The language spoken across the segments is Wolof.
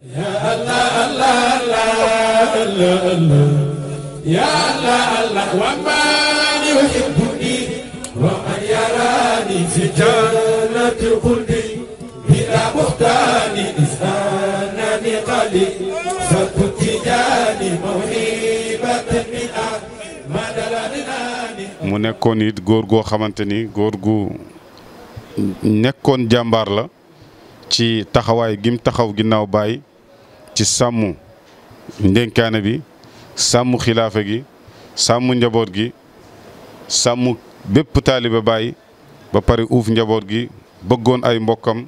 يا الله الله الله الله يا الله الله ومن يحبني ومن يراني في جنة الخلد بلا بهتان إذ أنني قليل فكنت جاني موهبة من mu nekkoon it góor goo xamante ni góor gu nekkoon jàmbaar la ci taxawaay gim taxaw ginnaaw bàyyi ci sàmm ndénkaane bi sàmm xilaafa gi sàmm njaboot gi sàmm bépp taalibe Baay ba pare uuf njaboot gi bëggoon ay mbokkam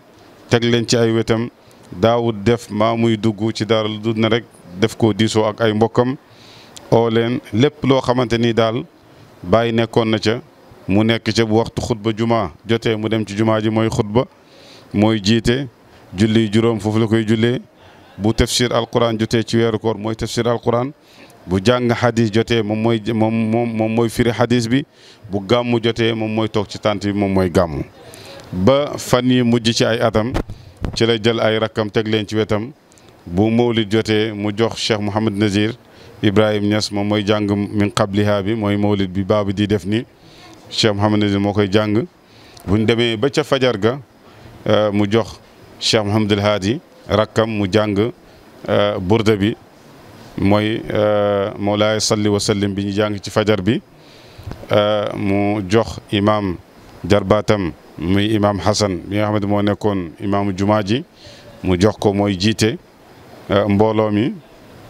teg leen ci ay wetam daawut def maa muy dugg ci daara lu na rekk def ko diisoo ak ay mbokkam oo leen lépp loo xamante ni daal Baay nekkoon na ca mu nekk ca bu waxtu xutba jumaa jotee mu dem ci jumaa ji mooy xutba mooy jiite julli juróom foofu la koy jullee bu tafsir alquran jotee ci weeru koor mooy tafsir alquran bu jàng xadis jotee moom mooy moom moom moom mooy firi xadis bi bu gàmmu jotee moom mooy toog ci tànt bi moom mooy gàmmu ba fan yi mujj ci ay atam ci la jël ay rakkam teg leen ci wetam bu mawlid jotee mu jox Cheikh Mouhamad Nazir Ibrahim ñas moom mooy jàng min qabliha bi mooy mawlid bi baabu di def ni Cheikh Mouhamad Nazir moo koy jàng buñ demee ba ca fajar ga euh, mu jox Cheikh Mouhamadul Haadi rakkam mu jàng euh, burda bi mooy euh, Mawlaay salli wa sallim bi ñu jàng ci fajar bi euh, mu jox imaam jarbaatam muy imaam Hassan bi nga xamante moo nekkoon imaamu jumaa ji mu jox ko mooy jiite mbooloo mi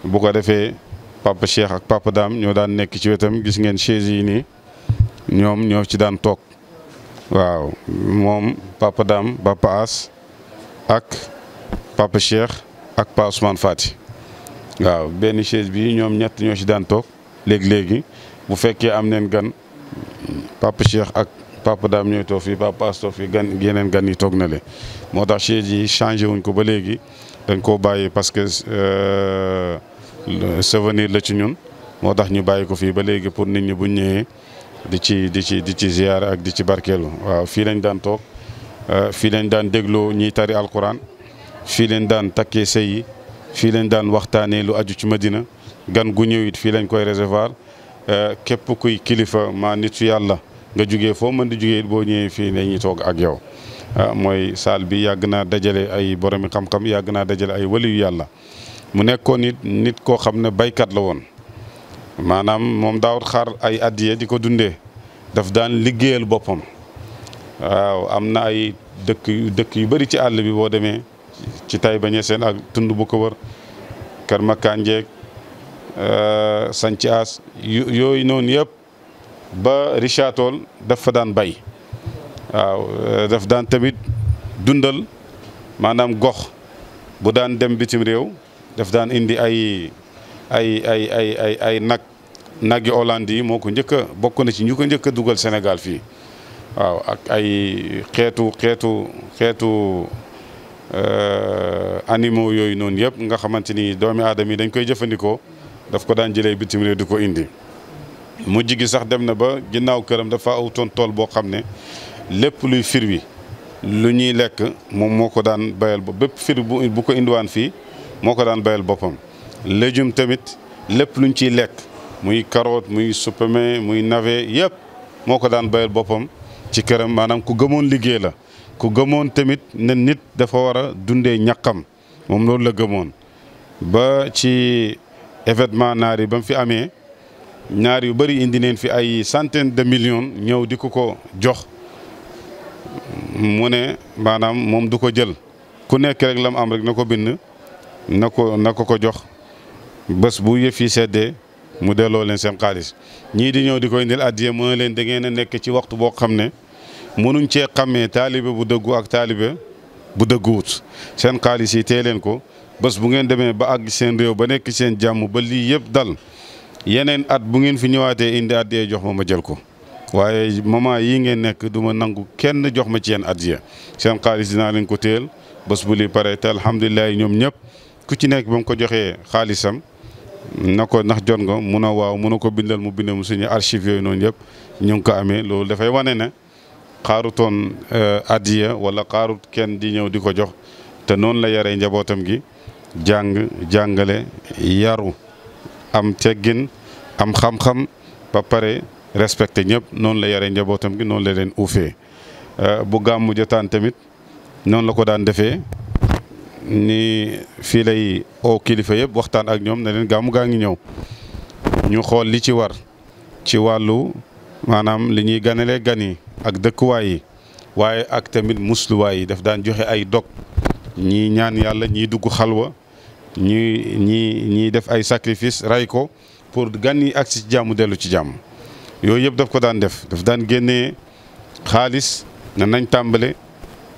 bu ko defee papa Cheikh ak papa Dame ñoo daan nekk ci wetam gis ngeen chaise yi nii ñoom ñoo ci daan toog waaw moom papa Dame papa As ak. Papa Cheikh ak Pa Ousmane Fati waaw benn chaise bi ñoom ñett ñoo ci daan toog léegi léegi bu fekkee am neen gan Papa Cheikh ak Papa daam ñooy toog fii Papa As toog gan yeneen gan yi toog na le moo tax chaise yi changé wuñ ko ba léegi dañ koo bàyyi parce que euh, souvenir la ci ñun moo tax ñu bàyyi ko fii ba léegi pour nit ñi bu ñëwee di ci di ci di ci ziyaar ak di ci barkeelu waaw fii lañ daan toog euh, fii lañ daan dégloo ñii tari alquran. fii leen daan takkee sëy yi fii leen daan waxtaanee lu aju ci Madina gan gu ñëwit it fii lañ koy recevoir euh, képp kuy kilifa maa nitu yàlla nga jóge foo mën di jugee it boo ñëwee fii la ñuy toog ak yow. Euh, mooy saal bi yàgg naa dajale ay boromi xam-xam yàgg naa dajale ay waliyu yàlla mu nekkoon it nit koo xam ne baykat la woon maanaam moom daawut xar ay addiye di ko dundee daf daan liggéeyal boppam waaw am na ay dëkk dëkk yu bari ci àll bi boo demee. ci Taïba Niassène ak tund bu ko wër Kër Makaan Jeeg euh, Sanci As yooyu noonu yëpp ba Richard Toll fa daan bay waaw euh, daf daan tamit dundal maanaam gox bu daan dem bitim réew def daan indi ay ay ay ay ay ay nag nag yu Hollande yi moo ko njëkk a bokk na ci ñu ko njëkk a dugal senegal fii waaw ak ay xeetu xeetu xeetu Euh, animaux yooyu noonu yëpp nga xamante ni doomi aadam yi dañ koy jëfandikoo daf ko daan jëlee bitim réew di ko indi mu gi sax dem na ba ginnaaw këram dafa awtoon tool boo xam ne lépp luy fir wi lu ñuy lekk moom moo ko daan bayal bopp bépp fir bu bu ko indiwaan fii moo ko daan bayal boppam légume tamit lépp luñ ciy lekk muy carotte muy supame muy nawe yëpp moo ko daan bayal boppam ci këram maanaam ku gëmoon liggéey la ku gëmoon tamit ne nit dafa war a dundee ñàkkam moom loolu la gëmoon ba ci événement naar yi ba mu fi amee naar yu bëri indi neen fi ay centaine de million ñëw di ko ko jox mu ne maanaam moom du ko jël ku nekk rek la mu am rek na ko bind na ko na ko ko jox bés bu yëf yi seddee mu delloo leen seen xaalis ñii di ñëw di koy indil addiye mu ne leen da ngeen a nekk ci waxtu boo xam ne mënuñ cee xàmmee taalibe bu dëggu ak taalibe bu dëgguwut seen xaalis yi tee leen ko bës bu ngeen demee ba àgg seen réew ba nekk seen jàmm ba lii yëpp dal yeneen at bu ngeen fi ñëwaatee indi addiyee jox ma ma jël ko waaye moment yii ngeen nekk du ma nangu kenn jox ma ci yenn at addiya seen xaalis dinaa leen ko téel bés bu li pare te alhamdulilah ñoom ñëpp ku ci nekk ba mu ko joxee xaalisam na ko ndax jot nga mun a waaw mun a ko bindal mu bindal mu suñu archive yooyu noonu yëpp ñu ngi ko amee loolu dafay wane ne xaarutoon eh, addiya wala xaarut kenn di ñëw di ko jox te noonu la yaree njabootam gi jàng jàngale yaru am teggin am xam-xam ba pare respecté ñëpp noonu la yaree njabootam gi noonu la leen uufee eh, bu gàmmu jotaan tamit noonu la ko daan defee ni fii lay oo kilifa yëpp waxtaan ak ñoom ne leen gàmmu gaa ngi ñëw ñu xool li ci war ci wàllu maanaam li ñuy ganalee gan yi ak dëkkuwaay yi waaye ak tamit musluwaay yi daf daan joxe ay dog ñii ñaan yàlla ñii dugg xalwa ñii ñii ñii def ay sacrifice ray ko pour gan yi agsi ci jàmm dellu ci jàmm yooyu yëpp daf ko daan def daf daan génne xaalis na nañ tàmbale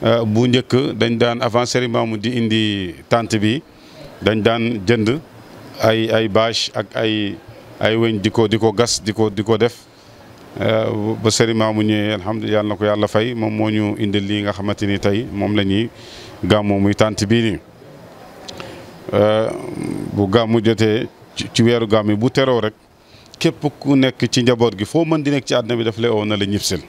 euh, bu njëkk dañ daan avant cérémonie mu di indi tànt bi dañ daan jënd ay ay bâche ak ay ay weñ di ko di ko gas di ko di ko def Euh, ba sëriñ maamu ñëwee alhamdulilah yàlla na ko yàlla fay moom moo ñu indi lii nga xamante ni tey moom la ñuy gàmmoo muy tànt bii nii euh, bu gàmmu jotee ci weeru gàmm yi bu teroo rek képp ku nekk ci njaboot gi foo mën di nekk ci àddina bi daf lay oo na la ñibsil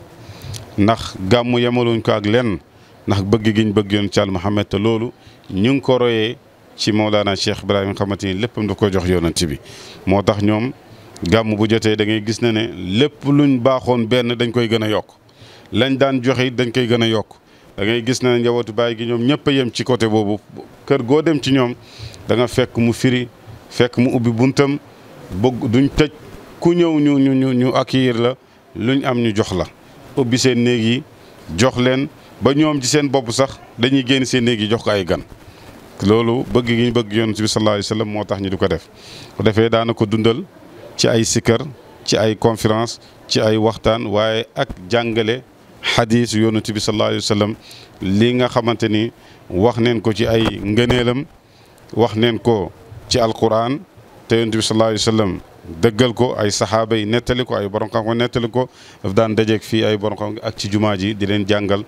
ndax gàmm yemaluñ ko ak lenn ndax bëgg giñ bëgg yoon ci al Muhammad te loolu ñu ngi ko royee ci Mawlana Cheikh Ibrahima xamante ni léppam da ko jox yonent bi moo tax ñoom gàmm bu jotee da ngay gis ne ne lépp lu luñ baaxoon benn dañ koy gën a yokk lañ daan joxe dañ koy gën a yokk da ngay gis ne njabootu baay gi ñoom ñëpp a yem ci côté boobu kër goo dem ci ñoom da nga fekk mu firi fekk mu ubbi buntam bëgg duñ tëj ku ñëw ñu ñu ñu ñu accueillir la luñ am ñu jox la ubbi seen néeg yi jox leen ba ñoom ci seen bopp sax dañuy génn seen néeg yi jox ko ay gan loolu bëgg gi ñu bëgg yoon bi sallallahu alayhi wa sallam moo tax ñu du ko def bu defee daana ko dundal ci ay sikkar ci ay conférence ci ay waxtaan waaye ak jàngale xadiis yonent bi sallallahu alayhi li nga xamante ni wax neen ko ci ay ngëneelam wax neen ko ci alquran te yonent bi sallallahu dëggal ko ay saxaaba yi nettali ko ay borom xam ko nettali ko daf daan dajeeg fii ay borom xam ak ci jumaa ji di leen jàngal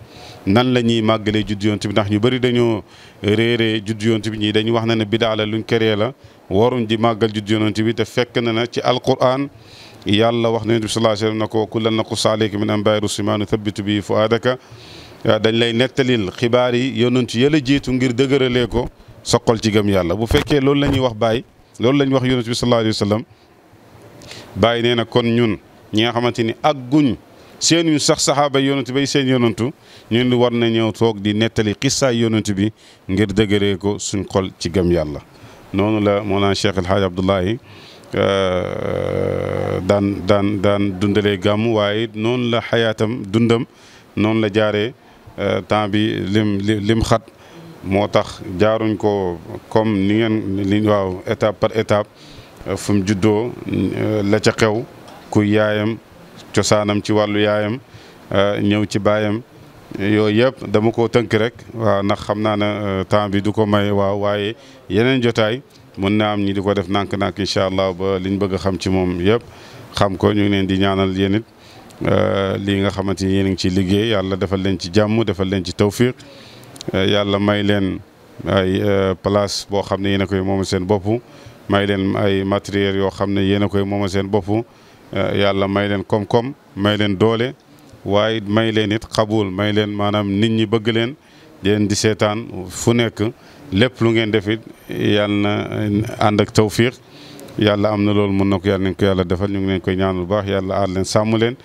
nan la ñuy màggalee juddu yonent bi ndax ñu bëri dañoo réeree juddu yonent bi ñii dañu wax ne ne bidaa la luñ këree la waruñ di màggal juddu yonent bi te fekk na na ci alquran yàlla wax na yonent bi sallallahu alayhi wasallam na ko kullan naqussu alayka min anbaa'i rusuli maa nuthabbitu bihi fu'aadaka dañ lay nettalil xibaar yi yonent yëla jiitu ngir dëgëralee ko soqal ci gëm yàlla bu fekkee loolu la ñuy wax bàyyi loolu la ñuy wax yonent bi sallallahu alayhi wasallam bàyyi nee na kon ñun ñi nga xamante ni ak guñ seen yu sax saxaaba yonent bay seen yonentu ñun war na ñëw toog di nettali xissaay yonent bi ngir dëgëree ko suñ xol ci gëm yàlla noonu la Mawlana Cheikh El Hadj Abdoulahi euh, daan daan daan dundalee gàmm waaye noonu la xayaatam dundam noonu la jaaree euh, temps bi lim lim moo tax jaaruñ ko comme ni ngeen li waaw étape par étape fu mu juddoo euh, la ca xew ku yaayam cosaanam ci wàllu yaayam euh, ñëw ci baayam yooyu yëpp dama ko tënk rek waaw ndax xam naa ne euh, temps bi du ko may waaw waaye yeneen jotaay mën na am ñii di ko def nànk-nànk incha allah ba liñ bëgg xam ci moom yëpp xam ko ñu ngi leen di ñaanal yéen it lii nga xamante ni yéen a ngi ciy liggéey yàlla defal leen ci jàmm defal leen ci tawfiq yàlla may leen ay place boo xam ne yéen a koy moom seen boppu may leen ay matériel yoo xam ne yéen a koy mooma seen bopp eh, yàlla may leen koom-koom may leen doole waaye may leen it xabul may leen maanaam nit ñi bëgg leen leen di seetaan fu nekk lépp lu ngeen def it yàlla na ànd ak tawfiq yàlla am na loolu mun na ko yàlla nañ ko yàlla defal ñu ngi leen koy ñaanul baax yàlla aar leen sàmm leen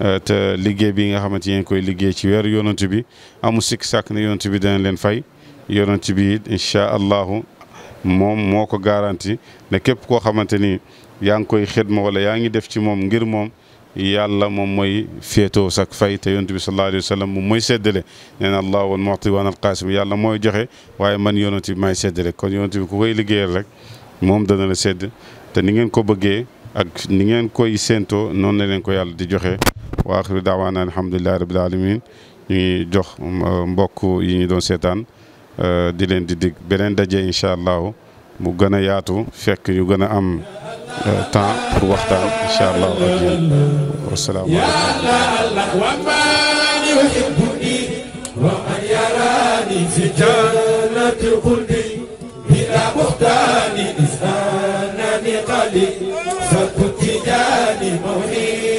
eh, te liggéey bi nga xamante yéen koy liggéey ci weer yonent bi amu sikk sàkk ne yonent bi dana leen fay yonent bi it allahu moom moo ko garanti ne képp koo xamante ni yaa ngi koy xidma wala yaa ngi def ci moom ngir moom yalla moom mooy féetoo sak fay te yonent bi sallallahu alayhi moom mooy séddale nee na allah wal mu'ti wa ana al qaasim yàlla mooy joxe waaye man yonent bi maay séddale kon yonent bi ku koy liggéeyal rek moom dana la sédd te ni ngeen ko bëggee ak ni ngeen koy séentoo noonu la leen ko yàlla di joxe wa axiru daawaana alhamdulillahi rabbil alamin ñu ngi jox mbokk yi ñu doon seetaan Euh, di leen di dig beneen daje incha allah mu gën a yaatu fekk ñu gën a am euh, temps pour waxtaan incha allah ak yéen wasalaamaaleykum مختاني إسانني قلي فكنت جاني موهي